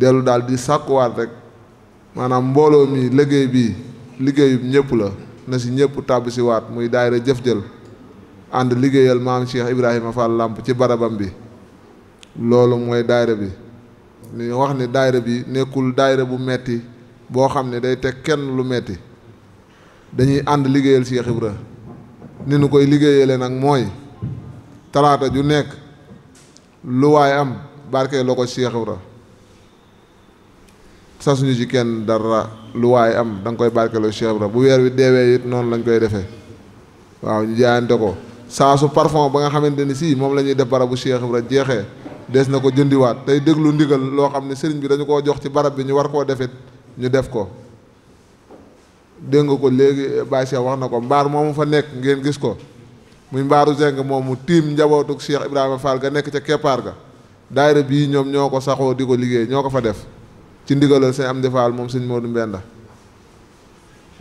dellu daal di sàkkuwaat rek maanaam mbooloo mi liggéey bi liggéeyub ñëpp la na si ñëpp tàbb muy daayira jëf-jël ànd liggéeyal maam Cheikh Ibrahima Fall Lamp ci barabam bi loolu mooy daayira bi li wax ni daayira bi nekkul daayira bu metti boo xam ne day teg kenn lu metti dañuy ànd liggéeyal Cheikh Ibra ni nu koy liggéeyale nag mooy talaata ju nekk lu waay am barkee la ko Cheikh suñu ci kenn dara lu waaye am da nga koy barkeloo Cheikh Ibra bu weer wi deewee it noonu lañu koy defee waaw ñu jaayante ko saa su parfum ba nga xamante ni si moom la ñuy def barabu Cheikh Ibra jeexee des na ko jëndiwaat tey déglu ndigal loo xam ne sëriñ bi dañu koo jox ci barab bi ñu war koo defit ñu def ko dégg nga ko léegi Baye wax na ko mbaar mu fa nekk ngeen gis ko muy mbaaru moom mu tiim njabootug Cheikh Ibrahima Fall ga nekk ca keppaar ga daayira bii ñoom ñoo ko saxoo di ko liggéey ñoo ko fa def ci ndigalal sëñ Amdi Fall moom sëñ Modou Mbenda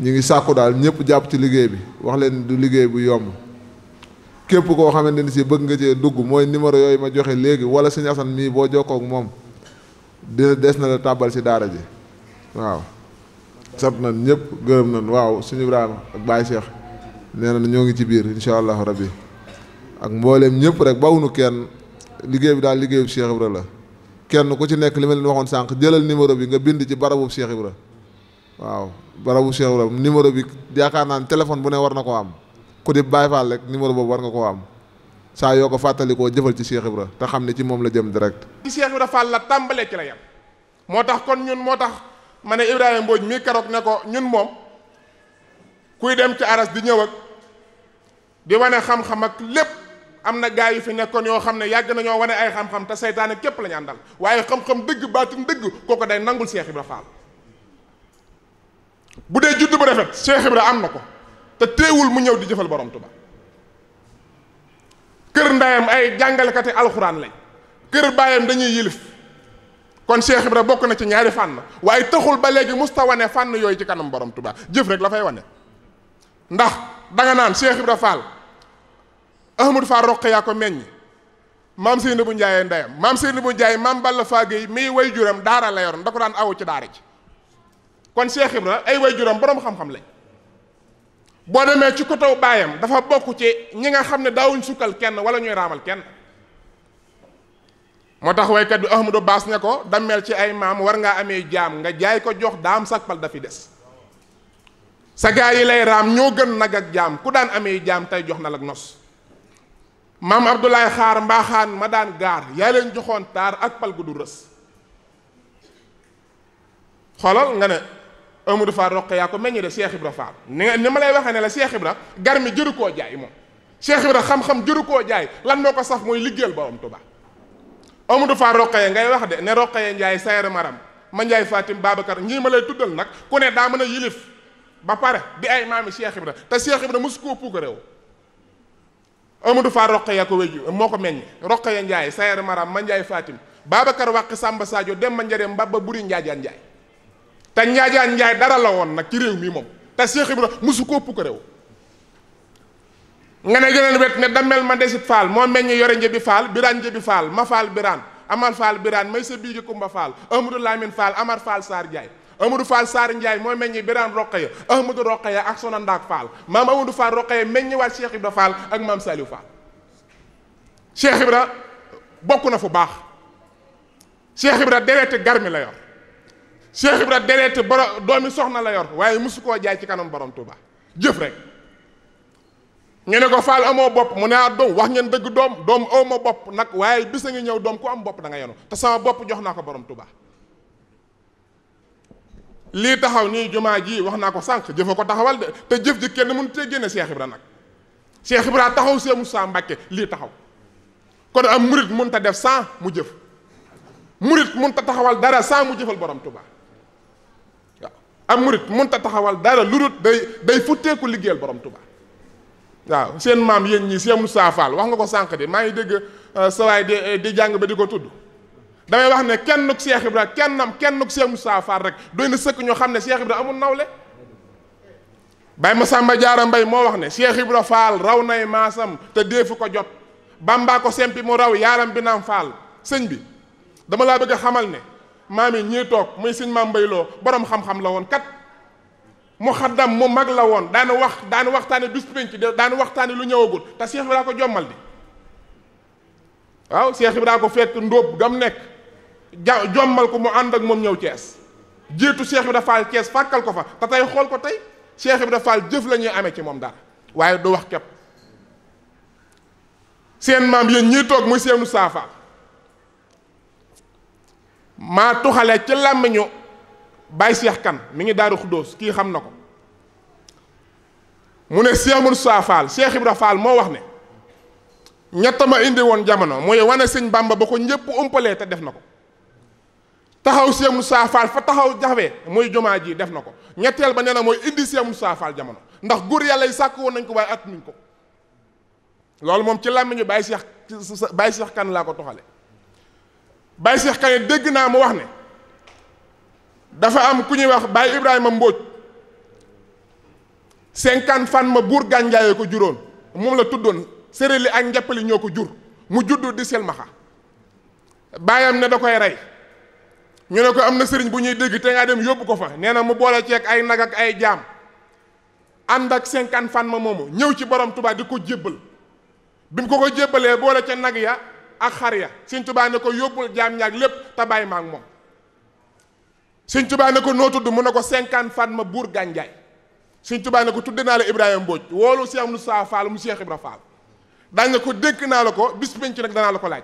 ñu ngi sàkku daal ñëpp jàpp ci liggéey bi wax leen du liggéey bu yomb képp koo xamante ni si bëgg nga cee dugg mooy numéro yooyu ma joxe léegi wala sëñ Assane mii boo jokkoo ak moom dina des na la tàbbal si daara ji waaw sant nan ñëpp gërëm nañ waaw suñu Ibrahima ak Baye Cheikh nee na ñoo ngi ci biir incha allahu rabbi ak mbooleem ñëpp rek bawunu kenn liggéey bi daal liggéey bu Cheikh la kenn ku ci nekk li ma leen waxoon sànq jëlal numéro bi nga bind ci barabu Cheikh ra waaw barabu Cheikh Ibra numéro bi yaakaar naa ne téléphone bu ne war na koo am ku di Baye Fall rek numéro boobu war nga koo am saa yoo ko fàttalikoo jëfal ci Cheikh Ibra te xam ne ci moom la jëm direkt ci Cheikh Ibra Fall la tàmbalee ci la yem moo tax kon ñun moo tax ma ne Ibrahima Mbodj mii keroog ne ko ñun moom kuy dem ci aras di ñëw ak di wane xam-xam ak lépp. am na gaa yu fi nekkoon yoo xam ne yàgg nañoo wane ay xam-xam te seytaane képp la ñu àndal waaye xam-xam dëgg baatin dëgg kooku day nangul Cheikh Ibra Fall bu dee judd bu rafet Cheikh am na ko te teewul mu ñëw di jëfal borom Tuba kër ndayam ay jàngalekati alxuraan lañ kër baayam dañuy yilif kon Cheikh Ibra bokk na ci ñaari fànn waaye taxul ba léegi musta wane fànn yooyu ci kanam borom Tuba jëf rek la fay wane ndax danga naan Cheikh Ibra Ahmadou Fall Roqe yaa ko meññ maam Seyna bu Njaay ndeyam maam Seyna bu Njaay maam Balla Faagey mii way juram daara la yoroon da ko daan awu ci daara ci kon Cheikh Ibra ay way juram boroom xam-xam lañ boo demee ci kotaw baayam dafa bokk ci ñi nga xam ne daawuñ sukkal kenn wala ñuy raamal kenn moo tax waykat bi Ahmadou Baas ne ko dammel ci ay maam war ngaa amee jaam nga jaay ko jox daam sakpal dafay des sa gaa yi lay raam ñoo gën nag ak jaam ku daan amee jaam tey jox na la nos maam Abdoulaye Xaar mbaaxaan ma daan gaar yaa leen joxoon taar ak pal gu du rës xoolal nga ne Amadou Fall roqe yaa ko meññi de Cheikh Ibra ni nga ni ma lay waxee ne la Cheikh Ibra jëru koo jaay moom Cheikh Ibra xam-xam jëru koo jaay lan moo ko saf mooy liggéeyal borom Tuubaa Amadou Fall roqe ngay wax de ne roqe Njaay sayar maram ma Njaay Fatim Babacar ñii ma lay tuddal nag ku ne daa mën a yilif ba pare di ay maami Cheikh te Cheikh Ibra mosu koo puuka Amadou Fall Roqaya ko wéju moo ko meññ Roqaya Ndiaye Sayar Maram ma Ndiaye Fatim Babacar Wàq Samba Sadio Demba Njareem Mbaba Buri Njaajaan Njaay te Njaajaan Njaay dara la woon nag ci réew mi moom te Cheikh Ibra musu ko ëpp réew nga ne geneen wet ne damel ma desit faal moo meññ yore njëbi faal biraan njëbi faal ma faal biraan amar faal biraan may sa biigi kumba faal Amadou Lamine faal amar faal Saar Njaay Amadou Fall Sarr Ndiaye mooy meññi Birane Rokhaya Ahmadou ya ak Sona Ndaak Fall maam Amadou Fall Rokhaya meññiwaat Cheikh Ibra Fall ak maam Saliou Fall Cheikh Ibra bokk na fu baax Cheikh Ibra dereete garmi la yor Cheikh Ibra dereete borom doomi soxna la yor waaye mosu koo jaay ci kanam borom Touba jëf rek ñu ne ko Fall amoo bopp mu ne ah doom wax ngeen dëgg doom doom aw ma bopp nag waaye bis a ngi ñëw doom ku am bopp da nga yenu te sama bopp jox naa ko borom Touba. lii taxaw nii jumaa ji wax naa ko sànq jëfa ko taxawal de te jëf ji kenn mënu te génne Cheikh Ibra nag Cheikh Ibra taxaw Cheikh Moussa Mbacke lii taxaw kon am murit mun ta def sans mu jëf murit mun ta taxawal dara sans mu jëfal borom Tuubaa am murit mun ta taxawal dara lu dul day day futteeku liggéeyal borom Tuubaa waaw seen maam yéen ñi Cheikh Moussa Fall wax nga ko sànq de maa ngi dégg euh, sawaay di di jàng ba di ko tudd damay wax ne kenn ku Cheikh Ibra kennam kenn ku Cheikh Moustapha Fall rek doy na sëkk ñoo xam ne Cheikh Ibra amul nawle Baye Massamba Diarra Mbaye moo wax ne Cheikh Ibra Fall raw nay maasam te deefu ko jot Bamba ko sempi mu raw yaaram bi naam Fall sëñ bi dama laa bëgg a xamal ne maam yi ñii toog muy sëñ maam mbayloo borom xam-xam la woon kat mu xaddam mu mag la woon daana wax daana waxtaane bis pénc daana waxtaane lu ñëwagul te Cheikh Ibra ko jommal di waaw Cheikh Ibra ko fekk ndóob gam nekk ja jommal ko mu ànd ak moom ñëw Cees jiitu Cheikh Ibra Fall Cees fàkkal ko fa te tey xool ko tey Cheikh Ibra Fall jëf lañuy ñuy amee ci moom daal waaye du wax képp seen maam yéen ñii toog muy seenu saafa maa tuxale ci làmmiñu Baye Cheikh Kan mi ngi daaru xudóos kii xam na ko mu ne Cheikh Moussa Fall Cheikh Ibra Fall moo wax ne ñett ma indi woon jamono mooy wane sëñ Bàmba ba ko ñëpp umpalee te def na ko taxaw Cheikh Moussa Fall fa taxaw jaxwee mooy jumaa jii def na ko ñetteel ba nee na mooy indi Cheikh Moussa Fall jamono ndax góor yàlla yi sàkk woon nañ ko waaye at nuñ ko loolu moom ci làmmiñu Baye Cheikh Baye Cheikh kan laa ko toxale Baye Cheikh kan dégg naa mu wax ne dafa am ku ñuy wax Baye Ibrahima Mbóoj cinquante fan ma buur gànjaayee ko juróon moom la tuddoon li ak njàppali ñoo ko jur mu juddu di silmaxa baayam ne da koy rey ñu ne ko am na sëriñ bu ñuy dégg te ngaa dem yóbbu ko fa nee na mu boole ceeg ay nag ak ay jaam ànd ak cinquante fan ma moomu ñëw ci borom tubaab di ko jébbal bi mu ko ko jébbalee boole ca nag ya ak xar ya sëñ tubaa ne ko yóbbul jaam ñaag lépp te bàyyi ma ak moom sëñ tubaa ne ko noo tudd mu ne ko cinquante fan ma buur gànjaay sëñ tubaa ne ko tudde naa la Ibrahima Mbodj woolu Cheikh saa Fall mu Cheikh Ibra Fall daañ ne ko dénk naa la ko bis penc nag danaa la ko laaj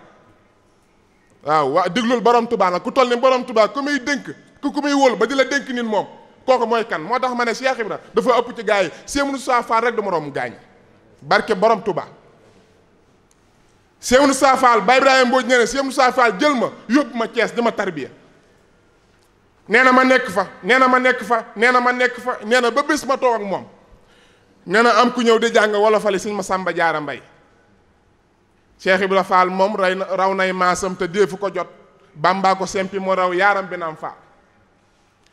waaw waa déglul borom tubaa nag ku toll ni borom tubaa ku muy dénk ku ku muy wóol ba di la dénk nit moom kooku mooy kan moo tax ma ne Cheikh na dafa ëpp ci gars yi Cheikh Moussa Fall rek du moroom gaañ barke borom tubaa Cheikh Moussa Fall Baye Ibrahima Mbodj nee na Cheikh Moussa jël ma yóbbu ma Thiès di ma tarbiya nee na ma nekk fa nee na ma nekk fa nee na ma nekk fa nee na ba bés ma toog ak moom nee na am ku ñëw di jàng si ma Masamba Jaara Mbay Cheikh la Fall moom ray na raw nay maasam te déefu ko jot bàmbaa ko sempi mu raw yaaram bi naam faal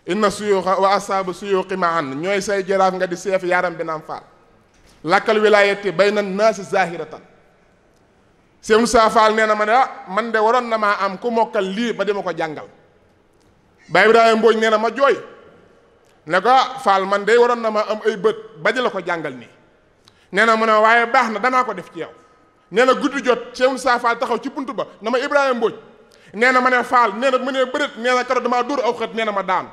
inna suyuuxa wa asaabu suyuuxi ma an ñooy say jaraaf nga di seef yaaram bi naam faal lakkal wilaayati bay na naasi zahiratan Sëñ Saa Fall nee na ma ne ah man de waroon na maa am ku mokkal lii ba dima ko jàngal Baay Ibrahima Mbooñ nee na ma jooy ne ko ah Fall man de waroon na ma am ay bët ba di la ko jàngal nii nee na mu ne waaye baax na danaa ko def ci yow nee na guddi jot Cheikh saa Fall taxaw ci buntu ba na ma Ibrahima Mbodj nee na ma ne Fall nee na ma ne bërét nee na keroog damaa dóor aw xët nee na ma daan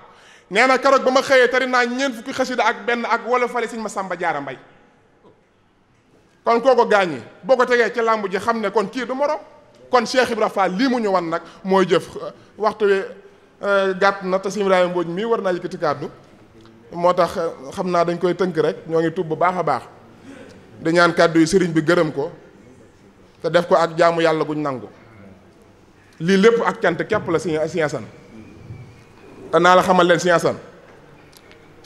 nee na keroog ba ma xëyee tari naa ñeent fukki xasida ak benn ak wala fale ñu ma Samba Jaara Mbay kon kooko gaañi boo ko tegee ci làmb ji xam ne kon kii du morom kon Cheikh Ibra Fall lii mu ñu wan nag mooy jëf waxtu wi euh, gàtt na te sëñ mii war naa yëkkati kàddu moo tax xam naa dañ koy tënk rek ñoo ngi tub bu baax a baax di ñaan kàddu yi sëriñ bi gërëm ko te def ko ak jaamu yàlla guñ nangu lii lépp ak cant kepp la si si asan te naa la xamal leen si asan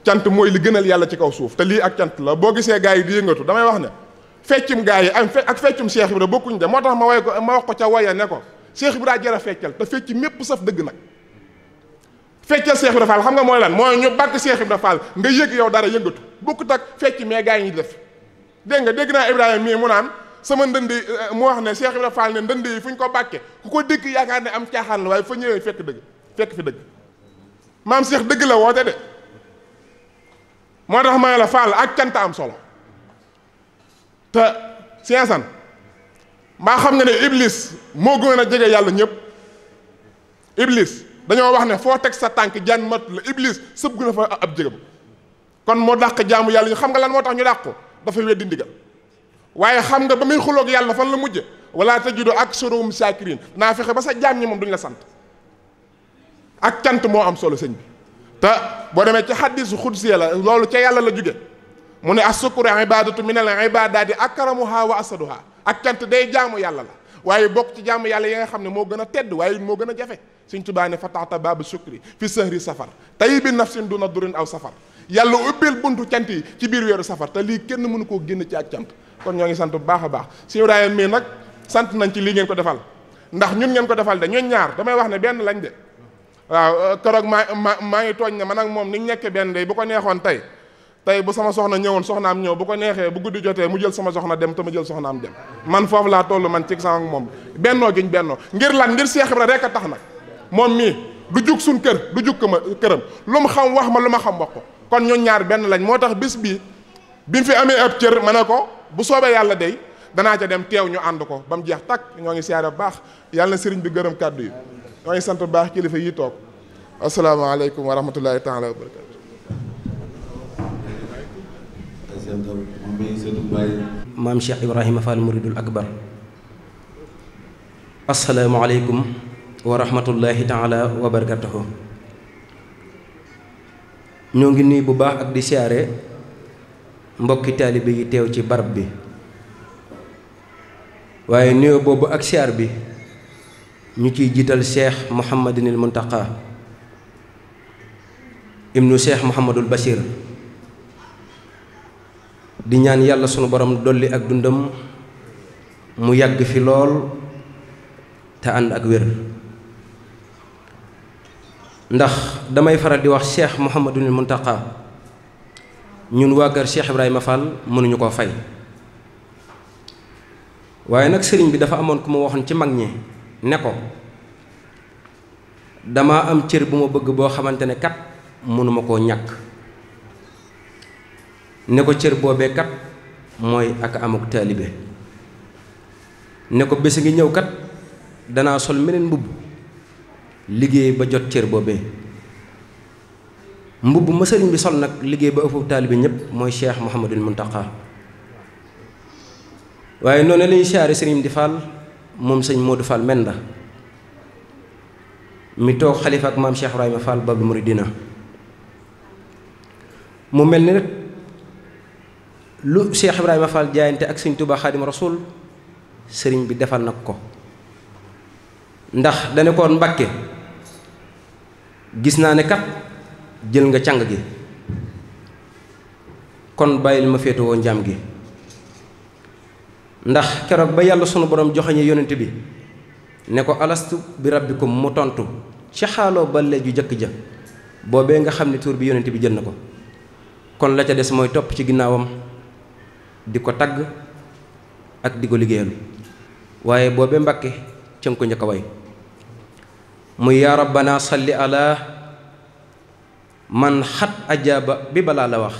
cant mooy li gënal yàlla ci kaw suuf te lii ak cant la boo gisee gaa yi di yëngatu damay wax ne feccum gaa yi ak feccum Cheikh Ibra bokkuñ de moo tax ma way ma wax ko ca waya ne ko Cheikh Ibra jar a feccal te fecc mépp saf dëgg nag feccal Cheikh Ibra Fall xam nga mooy lan mooy ñu bàkk Cheikh Ibra Fall nga yow dara yëngatu bokkut ak fecc mais gaa yi ñu def dégg nga dégg naa Ibrahima mii mu naan sama ndënd eh, mu wax ne Cheikh Ibrahima Fall ne ndënd yi fu ñu ko bàkkee ku ko dëkk yaakaar ne am caaxaan la waaye fa ñëwee fekk dëgg fekk fi dëgg maam Cheikh dëgg la woote de moo tax ma la Fall ak cant am solo te siensan mbaa xam nga ne Iblis moo gën a jege yàlla ñëpp Iblis dañoo wax ne foo teg sa tànk jaan mat la Iblis sëb gën a fa ab jégam kon moo dàq jaamu yàlla ñu xam nga lan moo tax ñu dàq ko dafa weddi ndigal waaye xam nga ba muy xuloog yàlla fan la mujj wala tajidu mu saakirin naa fexe ba sa jaam ñi moom duñ la sant ak cant moo am solo sëñ bi te boo demee ci xaddisu xudsi la loolu ca yàlla la jóge mu ne asukuru ibadatu min al ibadaati akramuha wa asaduha ak cant day jaamu yàlla la waaye bokk ci jaamu yàlla yi nga xam ne moo gën a tedd waaye moo gën a jafe Sëñ Tuubaa ne fataxta baabu sukri fi sahri safar tayyibin nafsin duna durin aw safar yàlla ubbil buntu cant yi ci biir weeru safar te lii kenn mënu koo génn ci ak cant kon ñoo ngi sant bu baax a baax sëñ Ibrahima mii nag sant nañ ci lii ngeen ko defal ndax ñun ngeen ko defal de ñun ñaar damay wax ne benn lañ de waaw euh, keroog maa maa maa ngi tooñ ne man ak moom ni ñu nekkee benn de bu ko neexoon tey tey bu sama soxna ñëwoon soxnaam ñëw bu ko neexee bu guddi jotee mu jël sama soxna dem te ma jël soxnaam dem man foofu laa toll man ci sama moom bennoo giñ bennoo ngir lan ngir Seex Ibra rek a tax nag moom mii du jug suñ kër du jug këma këram lu mu xam wax ma lu ma xam wax ko kon ñun ñaar benn lañ moo tax bis bi bi mu fi amee ab cër ma ne ko bu soobee yàlla dey danaa ca dem teew ñu ànd ko ba mu jeex takk ñoo ngi siyaare bu baax yàlla sëriñ bi gërëm kàddu yi ñoo ngi sant bu baax kilifa yi toog asalaamaaleykum wa rahmatulahi taala wa barakatu maam Cheikh Ibrahima Fall muridul akbar asalaamaaleykum wa rahmatulahi ñoo ngi nii bu baax ak di siyaare mbokki taalibe yi teew ci barab bi waaye nuyoo boobu ak siyaar bi ñu ciy jiital cheikh Mouhamadinil Muntaqa ibnu seex Mouhamadul Bachir di ñaan yàlla sunu borom dolli ak dundam mu yàgg fi lool te ànd ak wér ndax damay faral di wax cheikh Mouhamadul Muntaqa ñun waa kër cheikh ma Fall mënuñu koo fay waaye nag sëriñ bi dafa amoon ku ma waxoon ci mag ñi ne ko dama am cër bu ma bëgg boo xamante ne kat mënuma koo ñàkk ne ko cër boobee kat mooy ak amuk taalibe ne ko bés a ngi ñëw kat danaa sol meneen mbubb liggéey ba jot cër boobee mbubb ma sëriñ bi sol nag liggéey ba ëpp taalibe ñëpp mooy cheikh Mouhamadul Muntaqa waaye noonu la ñuy siyaare sëriñ di Fall moom sëñ Modou Fall Menda mi toog xalifa ak maam Cheikh Ibrahima Fall Babou Mouridina mu mel ni nag lu Cheikh Ibrahima Fall jaayante ak sëñ Touba Xaadimu Rasuul sëriñ bi defal nag ko ndax dane Mbàkke gis naa ne kat jël nga càng gi kon bàyyil ma féetewoo njaam gi ndax keroog ba yàlla sunu boroom joxe joxeñe yonent bi ne ko alastu bi ko mu tontu ci xaaloo bale ju jëkk ja boobee nga xam ne tuur bi yonent bi jël na ko kon la ca des mooy topp ci ginnaawam di ko tagg ak di ko liggéeyal waaye boobee mbàkke ca nga ko way muy yaa rabbana salli ala man xat ajaaba bi balaa la wax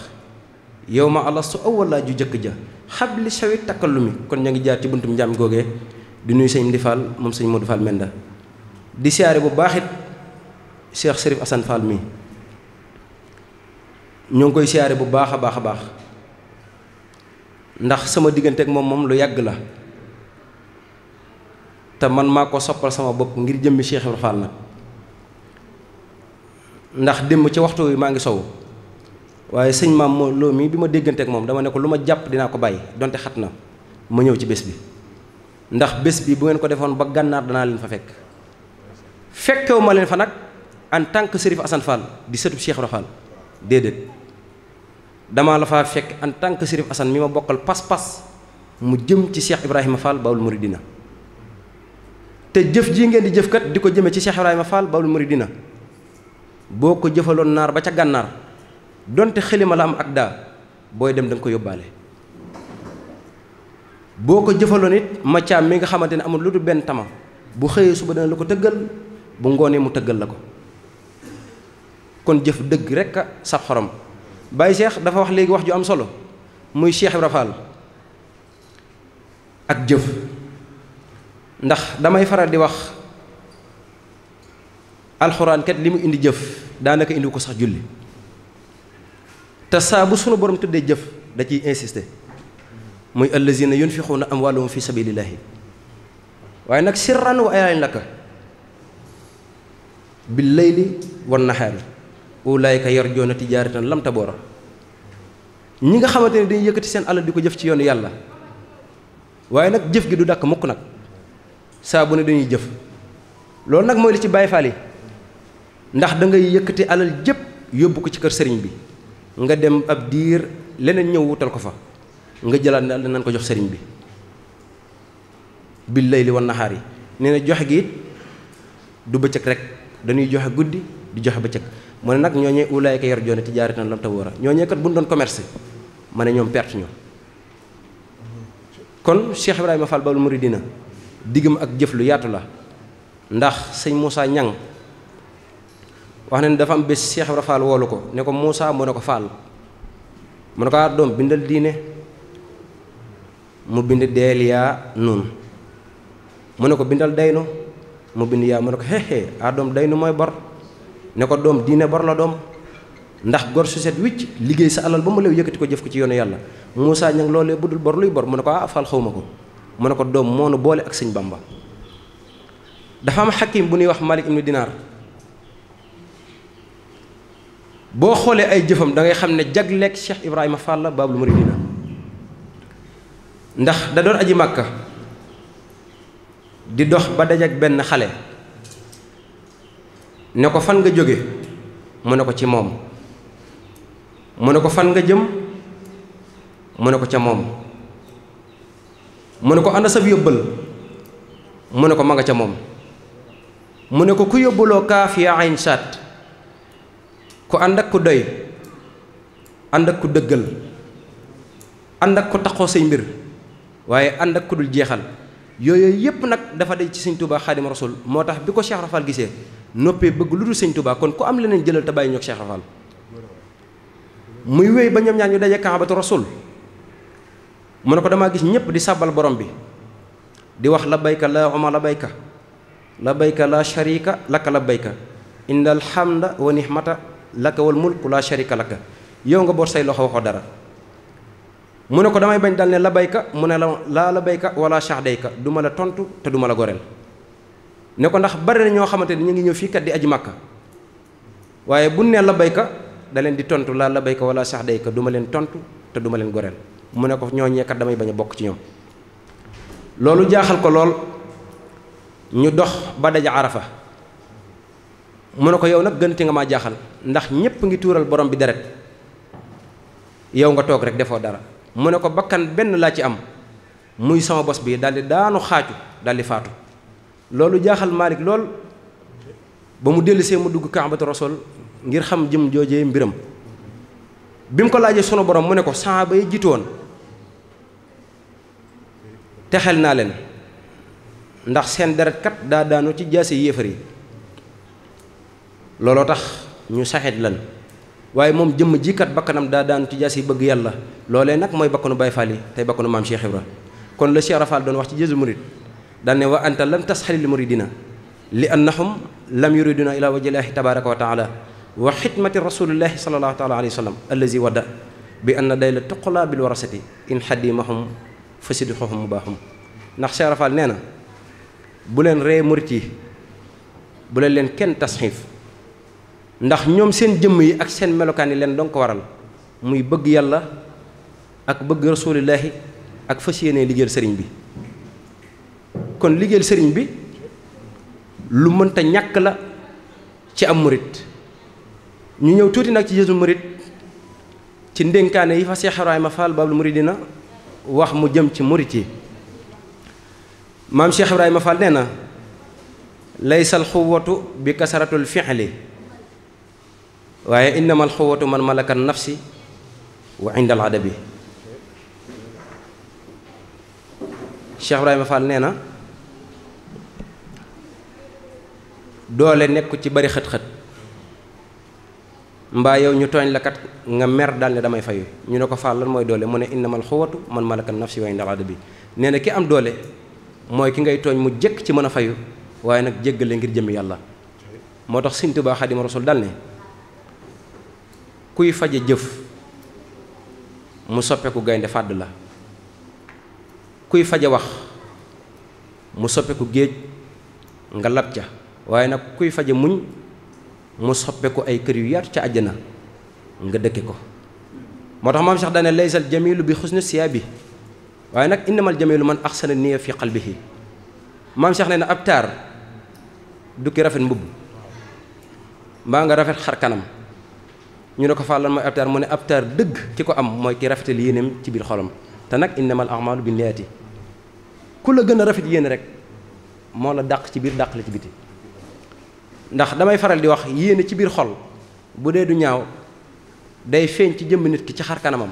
yow ma alastu awal laa ju jëkk ja xabli sawi takkallumi kon ñu ngi jaar ci buntum njaam googee di nuyu sëñ di Fall moom sëñ Modou Fall Menda di siyaare bu baaxit it Cheikh Serif Assane mi ñoo ngi koy siyaare bu baax a baax a baax ndax sama diggante ak moom moom lu yàgg la te man maa ko soppal sama bopp ngir jëmmi Cheikh Ibra Fall nag ndax démb ci waxtu wi maa ngi sow waaye sëñ maam moo loo mii bi ma dégganteek moom dama ne ko lu ma jàpp dinaa ko bàyyi donte xat na ma ñëw ci bés bi ndax bés bi bu ngeen ko defoon ba gànnaar danaa leen fa fekk fekkewu ma leen fa nag en tant que Serif Assane Fall di sëtub Cheikh damaa la faa fekk en tant que Serif Assane mi ma bokkal pas-pas mu jëm ci Cheikh Ibrahima Fall Baol Mouridina te jëf ji ngeen di jëf kat di ko jëmee ci Cheikh Ibrahima Fall mari dina boo ko jëfaloon naar ba ca gànnaar donte xelima la am ak daa booy dem danga ko yóbbaale. boo ko jëfaloon it macaam mi nga xamante ne amul lu dul benn tama bu xëyee suba dana la ko tëggal bu ngoonee mu tëggal la ko kon jëf dëgg rek a sab xorom bay Cheikh dafa wax léegi wax ju am solo muy Cheikh Ibrahima ak jëf. ndax damay faral di wax alxuraan kat li mu indi jëf daanaka indi ko sax julli te saa bu sunu borom tuddee jëf da ciy insister muy allazina na amwaalahum fi na am fi sabilillahi waaye nag sirran wa ayaanin laka bil layli wan nahaari ulaayka yarjoona tijaaratan lam taboora ñi nga xamante ne dañuy yëkkati seen alal di ko jëf ci yoonu yàlla waaye nag jëf gi du dàkk mukk nag saa bu ne dañuy jëf loolu nag mooy li ci Baay Faal yi ndax dangay yëkkati alal jëpp yóbbu ko ci kër sëriñ bi nga dem ab diir leneen ñëw wutal ko fa nga jëlaat ne danañ ko jox sëriñ bi bil layli wan naxaar yi nee na joxe gi du bëccëg rek dañuy joxe guddi di joxe bëccëg mu ne nag ñooñee ulaay ko yar joone tijaari tan lam ta wóora ñooñee kat bu ñu doon commerce ma ne ñoom perte ñu kon Cheikh Ibrahima mu Baol na diggam ak jëf lu yaatu la ndax sëñ Moussa ñaŋ wax na ne dafa am bés Cheikh Ibra woolu ko ne ko Moussa mu ne ko Fall mu ne ko ah doom bindal diine mu bind deel yaa nun mu ne ko bindal daynu mu bind yaa mu ne ko xeexee a ah doom daynu mooy bor ne ko doom diine bor la doom ndax gor su set wicc liggéey sa alal ba mu leew yëkkati ko jëf ko ci yoonu yàlla Moussa Ñang loolee budul bor luy bor mu ne ko ah Fall xaw ma ko mu ne ko doom moo boole ak sëñ bamba dafa am xakim bu nuy wax malik ibnu dinaar boo xoolee ay jëfam dangay xam ne jag jagleeg cheikh ibrahima fall baabul muridina ndax da doon aji màkka di dox ba dajak benn xale ne ko fan nga jóge mu ne ko ci moom mu ne ko fan nga jëm mu ne ko ca moom mu ne ko ana sab yóbbal mu ne ko ma nga ca moom mu ne ko ku yóbbaloo kaafiya ayn saat ku ànd ak ku doy ànd ak ku dëggal ànd ak ku taxoo say mbir waaye ànd ak ku dul jeexal yooyu yëpp nag dafa day ci sëñ Tuubaa Xaadim Rasul moo tax bi ko Cheikh Rafal gisee noppee bëgg lu dul sëñ Tuubaa kon ku am leneen jëlal te bàyyi ñoo Cheikh Rafal muy wéy ba ñoom ñaar ñu ba Kaabatu Rasul mu ne ko damaa gis ñëpp di sàbbal borom bi di wax labbayka laahumma labbayka labbayka laa sharika laka labbayka indi alhamda wa nihmata laka wal mulku laa sharika laka yow nga boot say loxo waxoo dara mu ne ko damay bañ dal ne labayka mu ne la laa labayka wala saxdayka du ma la tontu te du ma la goreel ne ko ndax bari na ñoo xamante ni ñu ngi ñëw fii kat di aji màkka waaye bu ne labayka da leen di tontu la labayka wala saxdayka du ma leen tontu te du ma leen goreel mu ne ko ñoo kat damay bañ a bokk ci ñoom loolu jaaxal ko lool ñu dox ba daje arafa mu ne ko yow nag gënati nga ma jaaxal ndax ñépp ngi tuural borom bi deret yow nga toog rek defoo dara mu ne ko bakkan benn laa ci am muy sama bos bi daldi daanu xaaju daldi faatu loolu jaaxal Maalik lool ba mu dellusee mu dugg kaabatu rasul ngir xam jëm joojee mbiram bi mu ko laajee sunu borom mu ne ko saaba yi jiitu texel naa leen ndax seen deret kat daa daanu ci jaase yéefar yi looloo tax ñu saxit lan waaye moom jëmm ji kat bakkanam daa daanu ci jaase yi bëgg yàlla loolee nag mooy bakkanu Baay Faal yi tey bakkanu maam Cheikh Ibra kon la Cheikh Rafal doon wax ci jëzu murid daan ne wa anta lam tasxalil muridina li annahum lam yuriduna ila wajilaahi tabaraka wa taala wa xidmati rasulillahi salallahu taala alayhi wa sallam allazi wada bi anna day la tuqalaa bil warasati in xaddimahum fa si di xooxum mu baaxum ndax Cheikh nee na buleen leen ree murit yi bu leen leen kenn tasxiif ndax ñoom seen jëmm yi ak seen melokaan yi leen dong ko waral muy bëgg yàlla ak bëgg rasuulillaahi ak fas yéene liggéeyal sëriñ bi kon liggéeyal sëriñ bi lu mënta ñàkk la ci am murit ñu ñëw tuuti nag ci jësu murit ci ndénkaane yi fa Cheikh Ibrahima Fall Baabul Muridina wax mu jëm ci murit yi maam Cheikh Ibrahima Fall nee na laysal xuwatu bi kasaratul fixli waaye innamal xuwatu man malaka nafsi wa indal adabi Cheikh Ibrahima Fall nee na doole nekk ci bari xët-xët mbaa yow ñu tooñ la kat nga mer daal ne damay fayu ñu ne ko faal lan mooy doole mu ne innamal xuwatu man malakan nafsi wa indal adabi nee na ki am doole mooy ki ngay tooñ mu jëkk ci mën a fayu waaye nag jéggale ngir jëmmi yàlla moo tax sint Tuubaa Xaadimu Rasuul dal ne kuy faje jëf mu soppeeku gaynde fàdd la kuy faje wax mu soppeeku géej nga lab ca waaye nag kuy faje muñ mu soppe ko ay kër yu yaatu ca àjjana nga dëkke ko moo tax maam Cheikh dane laysal jamilu bi xusni bi waaye nag innamal jamilu man axsana niya fi qalbihi maam Cheikh ne na ab taar du ki rafet mbubb mbaa nga rafet xar kanam ñu ne ko fàllan mooy ab taar mu ne ab taar dëgg ki ko am mooy ki rafetal yéeneem ci biir xolom te nag innamal bi binniyaati ku la gën a rafet yéene rek moo la dàq ci biir dàq la ci biti ndax damay faral di wax yéene ci biir xol bu dee du ñaaw day feeñ ci jëmm nit ki ci xar kanamam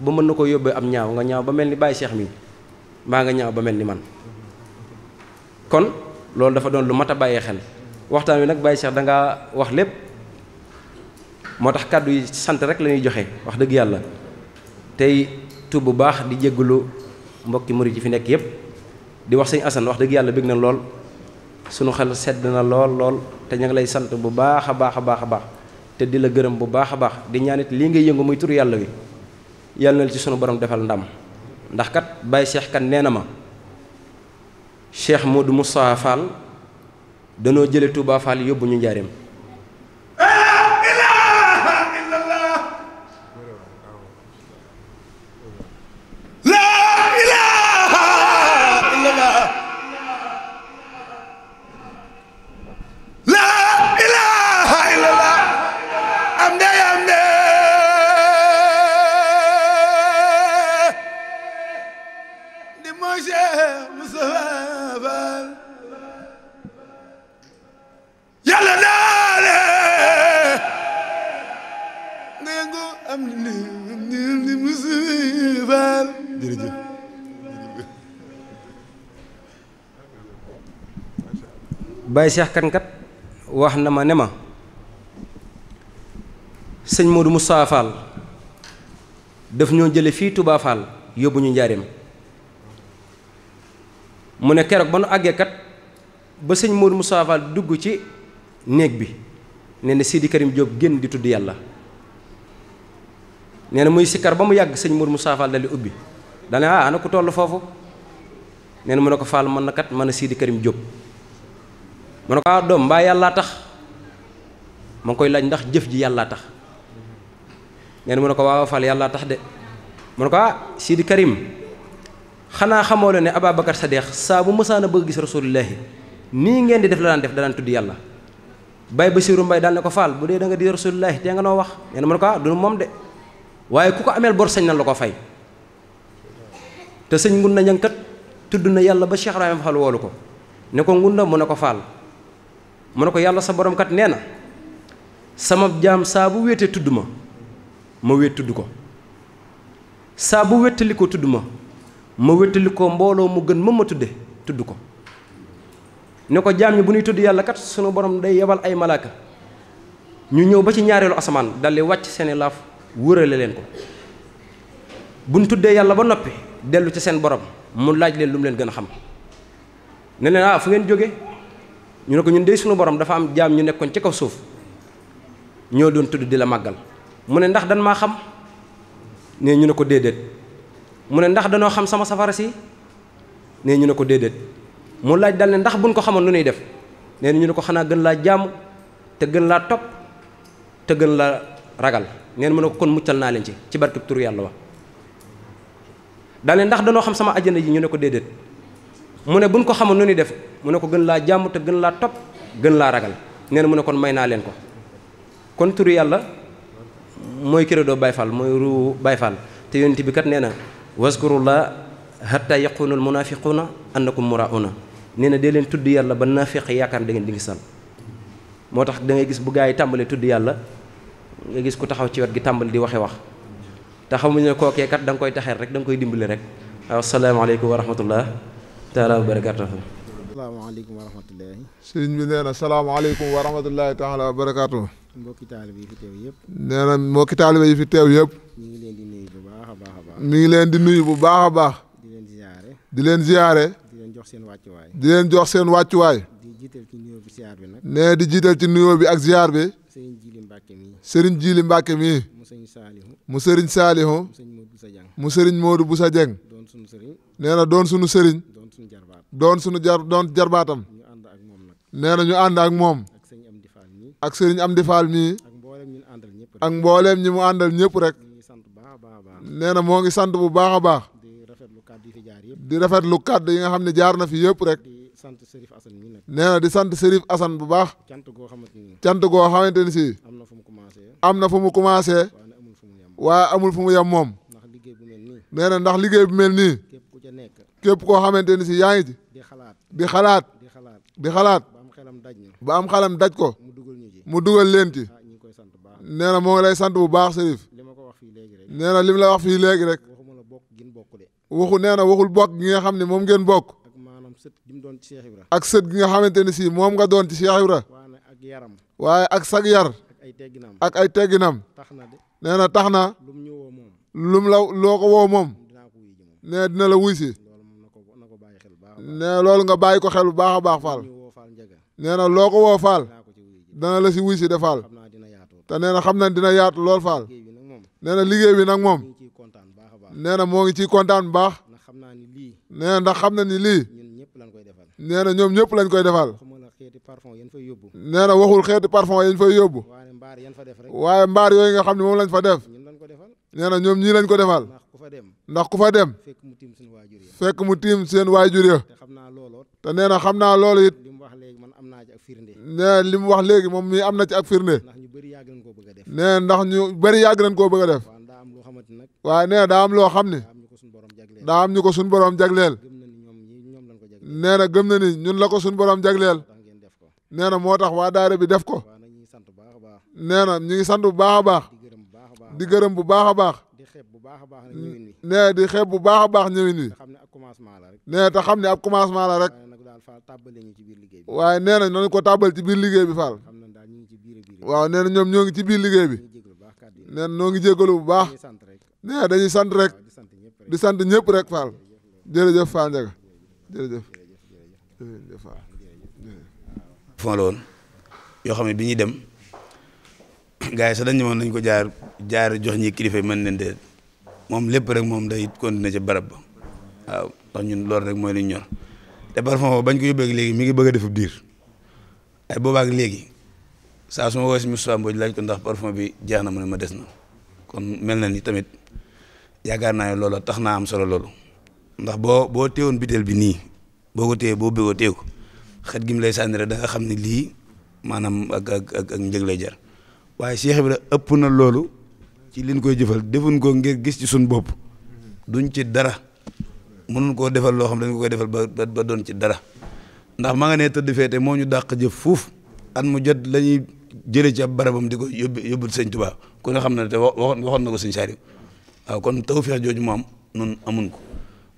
ba mën na ko yóbbee am ñaaw nga ñaaw ba mel ni Baye Cheikh mi maa nga ñaaw ba mel ni man kon loolu dafa doon lu mat a bàyyee xel waxtaan wi nag Baye Cheikh da ngaa wax lépp moo tax kàddu yi sant rek lañuy joxe wax dëgg yàlla tey tub bu baax di jéggulu mbokki murid yi fi nekk yépp di wax sëñ Assane wax dëgg yàlla bëgg na lool sunu xel sedd na lool lool te ñu ngi lay sant bu baax a baax a baax a baax te di la gërëm bu baax a baax di ñaanit lii ngay yëngu muy tur yàlla wi yàlla na la ci sunu borom defal ndam ndax kat Baye Cheikh kan nee na ma Cheikh Modou Moussa Fall danoo jële Touba yóbbu ñu njaareem waaye Cheikh kan wax na ma ne ma sëñ Modou Moustapha Fall daf ñoo jële fii Touba Fall yóbbu ñu njaareem mu ne keroog ba nu àggee ba sëñ Modou mu Fall dugg ci néeg bi nee na Sidi Karim Diop génn di tudd yàlla nee na muy sikkar ba mu yàgg sëñ Modou mu Fall dal ubbi dane ah ana ku toll foofu nee mu ne ko Fall mën na kat mën a Sidi Karim mu ne ko ah doom mbaa yàllaa tax ma ngi koy laaj ndax jëf ji yàlla tax ngeen mu ne ko waaw fal yàllaa tax de mu ne ko ah Sidi Karim xanaa xamoo la ne Ababacar Sadeex saa bu mësaan a bëgg gis rasulillahi nii ngeen di def la daan def da daan tudd yàlla Baye Basiru Mbay daal ne ko faal bu dee da nga di rasulillahi te nga noo wax ngeen mu ne ko ah du moom de waaye ku ko ameel bor sañ na la ko fay te sëñ ngun na ñankat tudd na yàlla ba Cheikh Rahim Fall woolu ko ne ko ngunda ne ko faal mu ne ko yàlla sa borom kat nee na sama jaam saa bu wéetee tudd ma ma wéet tudd ko saa bu wéttali ko tudd ma ma wéttali ko mbooloo mu gën ma ma tudde tudd ko ne ko jaam ñi bu ñuy tudd yàllakat sunu borom day yebal ay malaaka ñu ñëw ba ci ñaareelu asamaan daldi wàcc seeni laaf wërale leen ko bu ñu tuddee yàlla ba noppi dellu ci seen borom mu laaj leen lu mu leen gën a xam ne leen ah fu ngeen jóge ñu ne ko ñun dey suñu borom dafa am jaam ñu nekkoon ci kaw suuf ñoo doon tudd di la màggal mu ne ndax dan maa xam nee ñu ne ko déedéet mu ne ndax danoo xam sama safara si nee ñu ne ko déedéet mu laaj dal ne ndax buñ ko xamoon lu nuy def nee ñu ne ko xanaa gën laa jàmm te gën laa topp te gën laa ragal neen mu ne ko kon muccal naa leen ci ci barkeb tur yàlla wa dal ne ndax danoo xam sama ajjana yi ñu ne ko déedéet mu ne buñ ko xamoon nu nuy def mu ne ko gën laa jàmm te gën laa topp gën laa ragal nee mu ne kon may naa leen ko kon turu yàlla mooy credo Baye Fall mooy ruu Baye Fall te yonent bi kat nee na waskurullah hatta yaquunul munafiquuna annakum murauna nee na dee leen tudd yàlla ba naafeq yaakaar da ngeen di gisal moo tax da ngay gis bu gaa yi tàmbalee tudd yàlla nga gis ku taxaw ci wet gi tàmbal di waxe wax te xamuñu ne kookee da nga koy taxeer rek da koy dimbali rek asalaamaaleykum wa rahmatullah taala wa barakaatuhu salaamaaleykum wa rahmatullahi sëriñ bi nee na salaamaaleykum wa rahmatullahi taala wa barakaatuhu mbokki taalibe yi fi teew yëpp nee na mbokki taalibe yi fi teew yëpp mi ngi leen di nuyu bu baax a baax a baax mi ngi leen di nuyu bu baax a baax di leen ziyaare di leen ziyaare di jox seen wàccuwaay di leen jox seen wàccuwaay di jiital ci nuyoo bi nag nee di jiital ci nuyoo bi ak ziyaar bi sëriñ Jili Mbàkke mi sëriñ jiili Mbàkke mi mu sëriñ Saalihu mu sëriñ mu sëriñ Moodu Busa Jeng mu sëriñ Moodu Busa Jeng doon sunu sëriñ nee na doon sunu sëriñ doon sunu jar doon jarbaatam nee na ñu ànd ak moom ak sëriñ di Faal mii ak mbooleem ñi mu àndal ñëpp rek nee na moo ngi sant bu baax a baax di rafetlu kàddu yi nga xam ne jaar na fi yëpp rek nee di sant Serif Assane bu baax cant goo xamante ni si am na fu mu commencé waaye amul fu mu yem moom nee na ndax liggéey bu mel nii képp koo xamante ni si yaa ngi ji di xalaat di xalaat di xalaat ba am xelam daj ba am xelam daj ko mu dugal ñu ci mu dugal leen ci ah, nee na ngi lay sant bu baax Serif li ma ko wax fii léegi rek nee na li la wax fii léegi rek waxuma la bokk gin bokk de waxu nee waxul bokk gi nga xam ne moom ngeen bokk ak maanaam sët gi mu doon ci Cheikh Ibra ak sët gi nga xamante ne si moom nga doon ci Cheikh ra waaye ak yaram waaye ak sag yar ak ay tegginam ak ay tegginam tax na de nee na tax na lum ñu woo moom lum la loo ko woo moom nee dina la wuy si nee loolu nga bàyyi ko xel bu a baax faal nee na loo ko woo faal dana la si wuy si de te nee na xam na dina yaatu lool faal nee na liggéey bi nag moom nee moo ngi ciy kontaan bu baax ndax xam na ni lii nee ñoom ñëpp lañ koy defal nee na waxul xeeti parfum yañ fay yóbbu waaye mbaar yooyu nga xam ne moom lañ fa def nee na ñoom ñii lañ ko defal ndax ku fa dem fekk mu tiim seen waajur ya te xam naa looloo te nee na xam naa loolu it li mu wax léegi man am naa ci wax léegi moom mii am na ci ak firnde ndax ñu bëri yàgg nañ koo bëgg a def nee ndax ñu bëri yàgg nañ koo bëgg a def waa am loo xamante nag waaye nee am loo xam ne daa am ñu ko suñu borom jagleel nee na gëm na ni ñun la ko suñu borom jagleel nee na moo tax waa daara bi def ko nee na ñu ngi sant bu baax a baax di gërëm bu baax a baax nee di xeeb bu baax a baax ñëwin wi commencement la xam ne ab commencement la rek. waaye nag na noonu ko tàbbal ci biir liggéey bi Fall. xam nañ daal ñu ngi ci biir biir. waaw nee ñoom ñoo ci biir liggéey bi. nee na ñoo bu baax. nee dañuy sant rek. di sant ñëpp rek Fall. jërëjëf Fall Ndiaga jërëjëf. jërëjëf Fall. fond la woon yoo xam ne bi ñuy dem gars yi sax dañ ñëwoon nañ ko jaar jaar jox ñi kilifa yi ma leen de moom lépp rek moom day continuer ci barab ba. waaw ndax ñun loolu rek mooy li ñor te parfum bañ ko yóbbeeg léegi mi ngi bëgg a def diir ay boobaak léegi saa su ma woowee si Moustapha Mbodj laaj ndax parfum bi jeex na mu ne ma des na kon mel na ni tamit yaakaar naa ne loolu tax naa am solo loolu ndax boo boo téewoon biteel bi nii boo ko téye boo bëggoo téew xet gi mu lay sànni rek da xam ne lii maanaam ak ak ak njëg lay jar waaye Cheikh Ibra ëpp na loolu ci liñ koy jëfal defuñ ko ngir gis ci suñ bopp duñ ci dara. mënuñ koo defal loo xam dañ ko koy defal ba ba doon ci dara ndax ma nga ne tëdd feete moo ñu dàq jëf fuuf at mu jot la ñuy jëlee ci ab barabam di ko yóbbu yóbbul sëñ Tuubaa ku ne xam na te waxoon waxoon na ko sëñ Saaliw waaw kon tawfeex jooju mu am noonu amuñ ko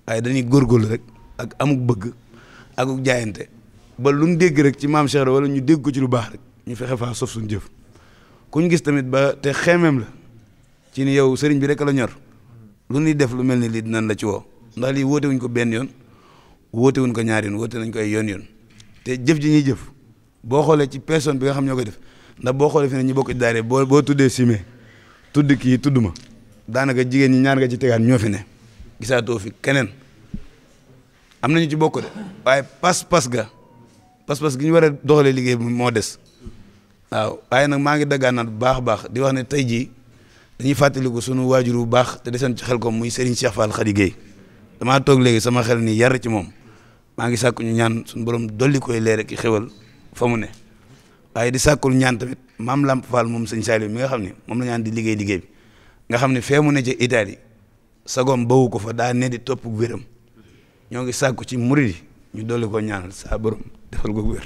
waaye dañuy góorgóorlu rek ak amuk bëgg akuk jaayante ba lu dégg rek ci maam wala ñu dégg ci lu baax rek ñu fexe faa sof suñ jëf ku ñu gis tamit ba te xeemeem la ci ni yow sëriñ bi rek la ñor lu ñuy def lu mel ni lii dinañ la ci woo ndax lii woote wuñ ko benn yoon woote wuñ ko ñaari woote nañ koy yoon yoon te jëf ji ñuy jëf boo xoolee ci personne bi nga xam ñoo koy def ndax boo xoolee fi ne ñi bokk ci daare boo boo tuddee simé tudd kii tudd ma daanaka jigéen ñaar nga ci tegaat ñoo fi ne gisaatoo fi keneen am nañu ci bokk de waaye pas-pas ga pas-pas gi ñu war a liggéey bi moo des waaw waaye nag maa ngi daggaanaat bu baax baax di wax ne tey jii dañuy fàttaliku sunu waajur bu baax te desan ci xel ko muy Serigne Cheikh Fall Khady liggéey damaa toog léegi sama xel nii yar ci moom maa ngi sàkku ñu ñaan suñu borom dolli koy leer ak xewal fa mu ne waaye di sàkkul ñaan tamit maam Lamp Fall moom sëñ Saliou mi nga xam ni moom la ñaan di liggéey liggéey bi nga xam ne fee mu ne ca Italie sagom bawu ko fa daa ne di topp wéram ñoo ngi sàkku ci murid yi ñu dolli ko ñaanal saa borom defal ko wér